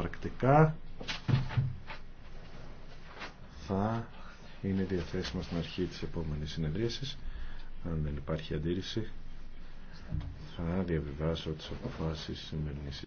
πρακτικά θα είναι διαθέσιμα στην αρχή της επόμενης συνεδρίασης. Αν δεν υπάρχει αντίρρηση θα διαβιβάσω τις αποφάσεις σημερινής